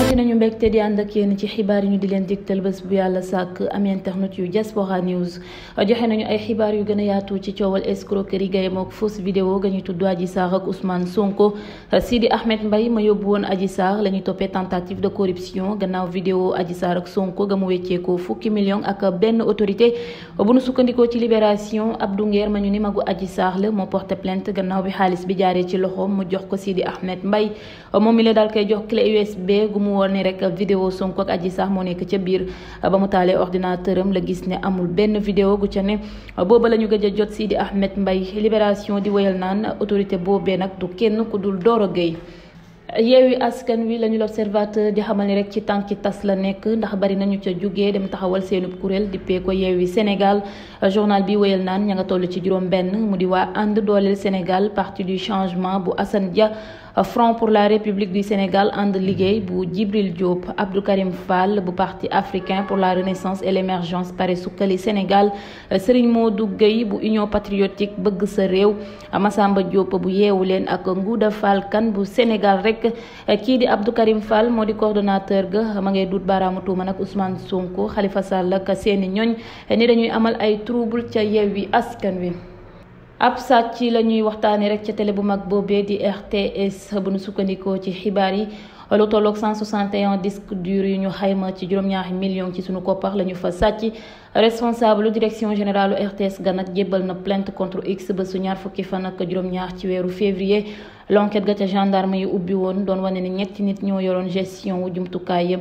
amati nañu mbégte di ànd ak yéen ci xibaar yi ñu di leen digtal bés bu yàlla sàkk a yaatu ci coowal escroquerie gay mook fausse ñuy tudd Adji Sarr ak Ousmane Sonko Sidi Ahmed Mbaye ma yóbbu woon Adji Sarr la ñuy toppee tentative de corruption gannaaw vidéo Adji Sarr ak Sonko ga mu wecceekoo fukki million ak benn autorité bu nu sukkandikoo ci libération Abdou Nguer ma ñu ni magu Adji Sarr la moo porté plainte gannaaw bi xaalis bi jaaree ci loxoom mu jox ko Sidi Ahmed Mbaye moom mi la daal koy jox clé USB mu woon ni rek vidéo Sonko ak Adji Sarr moo nekk ca biir ba mu taalee ordinateur am la gis ne amul benn vidéo gu ca ne booba la ñu gëj a jot Sidi Ahmed Mbaye libération di wéyal naan autorité boobe nag du kenn ku dul Doro Gueye yi askan wi lañu l'observateur di xamal ni rek ci tànki tas la nekk ndax bari nañu ca jugee dem taxawal seenub kuréel dippee ko yeewi Sénégal journal bi woyal naan ña nga toll ci juróom benn mu di waa ànd dooleel Sénégal par du changement bu Assane Dia Euh, Front pour la République du Sénégal and Ligue bu Diop Abdou Karim Fall parti africain pour la renaissance et l'émergence Paris-Soukali, Sénégal euh, Serigne Modou Gueye Union patriotique bëgg sa euh, Diop bu yeewu ak Ngouda Fall kan Sénégal rek Kidi di Abdou Karim Fall modi coordonnateur ga ma ngay Ousmane Sonko Khalifa Sall ak seeni ñoñ ni dañuy amal ay trouble ca Yewwi Askan ab sàcc ci la ñuy waxtaanee rek ca télé bu mag boobee di RTS bu nu sukkandikoo ci xibaar yi lu tolloog 161 disque dur yu ñu xayma ci juróom-ñaari million ci sunu koppax la ñu fa sàcc responsable direction générale RTS ganak jébbal na plainte contre X ba su ñaar fukki fan ak juróom-ñaar ci weeru février. l'enquête ga ca gendarme yi ubbi woon doon wane ne ñetti nit ñoo yoroon gestion wu jumtukaay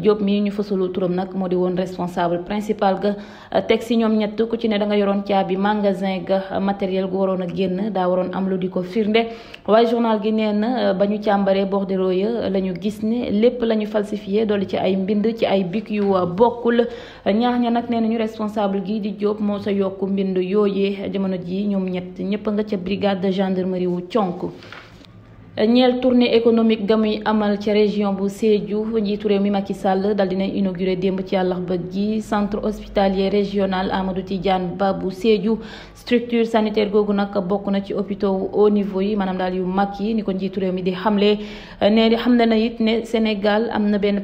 Diop mii ñu fësalul turam nag moo di woon responsable principal ga teg si ñoom ñett ku ci ne da nga yoroon caabi magasin ga matériel gu waroon a génn daa waroon am lu di ko firnde waaye journal gi nee na ba ñu càmbaree bordereau ya la ñu gis ni lépp la ñu falsifié dolli ci ay mbind ci ay bic yu bokkul ñaax ña nag nee nañu responsable gi di Diop moo sa yokku mbind yooyee jamono ji ñoom ñett ñëpp nga ca brigade de gendarmerie wu conk ñeel tournée économique gamuy amal région bu Sédhiou njiitu réew mi Macky centre hospitalier régional Amadou Tidiane Babu structure sanitaire Gogunaka nak na ci hôpitaux au niveau yi manam dal yu Macky ni ko njiitu mi Sénégal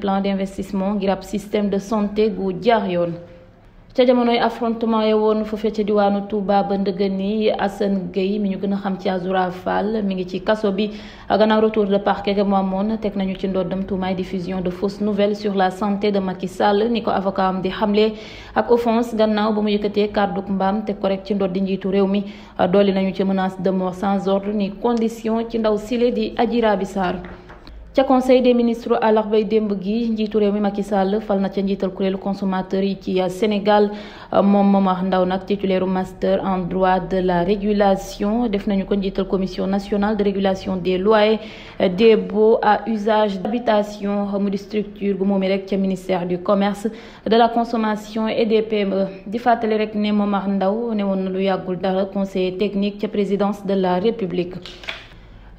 plan d'investissement ngir système de santé gu ca jamonoy affrontement ya woon foofee ca diwaanu Touba ba ndëgën yi Assane Gueye mi ñu gën xam ci Azoura Fall mi ngi ci kaso bi gannaaw retour de parquet ga mu amoon teg nañu ci ndoddam tuumaay diffusion de fausses nouvelles sur la santé de Macky Sall ni ko avocat am di xamle ak offense gannaaw ba mu yëkkatee kàdduk mbaam teg ko rek ci di njiitu réew mi dolli nañu ci menace de mort sans ordre ni condition ci ndaw sile di Adji Raby Sarr ca conseil des ministres àllarbay démb gi njiitu réew mi Macky Sall fal na ca njital kuréelu consommateur yi ci euh, Sénégal euh, moom Momar Ndao nag titulaire master en droit de la régulation def nañu ko njital commission nationale de régulation des loyers euh, des baux à usage d'habitation mu di structure bu momi rek ministère du commerce de la consommation et des PME di fàttali rek ne Momar ndaw ne woon lu yagul dara conseil technique ca présidence de la République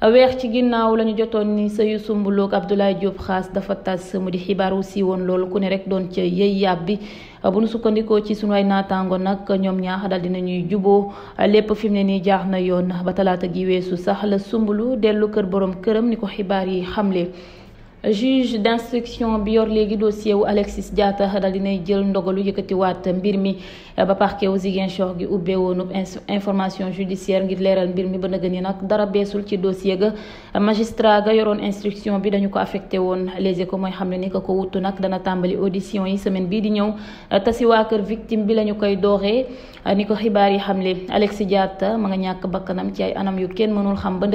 weex ci ginnaaw lañu jotoon ni sëyu sumbuloo Abdoulaye Diop xaas dafa tas mu di xibaar wu siiwoon loolu ku ne rek doon ca yëy yàbbi bu nu sukkandikoo ci sunu ay naataango nag ñoom ñaax daal dina ñuy juboo lépp fi mu ne nii jaax na yoon ba talaata gi weesu sax la sumbulu dellu kër borom këram ni ko xibaar yi xam xamle. juge d'instruction bior yor dossier wu Alexis Diata Hadaline dinay jël ndogalu yëkkatiwaat mbir mi ba parquet wu Ziguinchor gi ubbe information judiciaire ngir leral mbir mi ba dara beesul ci dossier ga magistrat ga yoroon instruction bi dañu ko affecté woon Les Échos mooy xam ne ni ko ko wuttu dana tàmbali audition yi semaine bii di ñëw tasi waa kër victime bi lañu koy dooree ni xibaar yi Alexis diata ma nga ñàkk bakkanam ci ay anam yu kenn mënul xam ba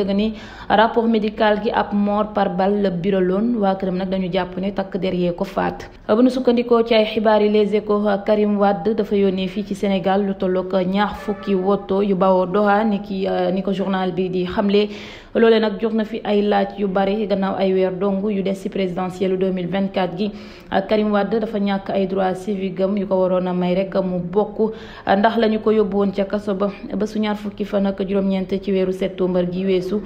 rapport médical gi ab mort par balle la biraloon waa këram nag dañu jàpp ne takk der yee ko faat bu nu sukkandikoo ci ay xibaar yi Les Échos Karim Wade dafa yónnee fii ci Sénégal lu tolloog ñaar fukki woto yu bawoo Doha ni ki ni ko journal bi di xamle loolee nag jox na fi ay laaj yu bari gannaaw ay weer dong yu des ci présidentielle 2024 gi Karim Wade dafa ñàkk ay droits civiques am yu ko waroon a may rek mu bokk ndax la ko yóbbu woon ca kaso ba ba su ñaar fukki fan ak juróom-ñeent ci weeru septembre gi weesu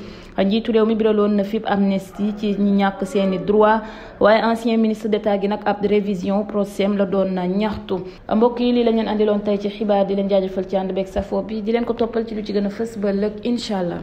seeni droit waaye ancien ministre d'état gi nag ab révision procès la doon ñaxtu mbokk yi lii la ñu leen tey ci xibaar di leen jaajëfal ci ànd beeg safo bi di leen ko toppal ci lu ci gën a fës ba lëg incha allah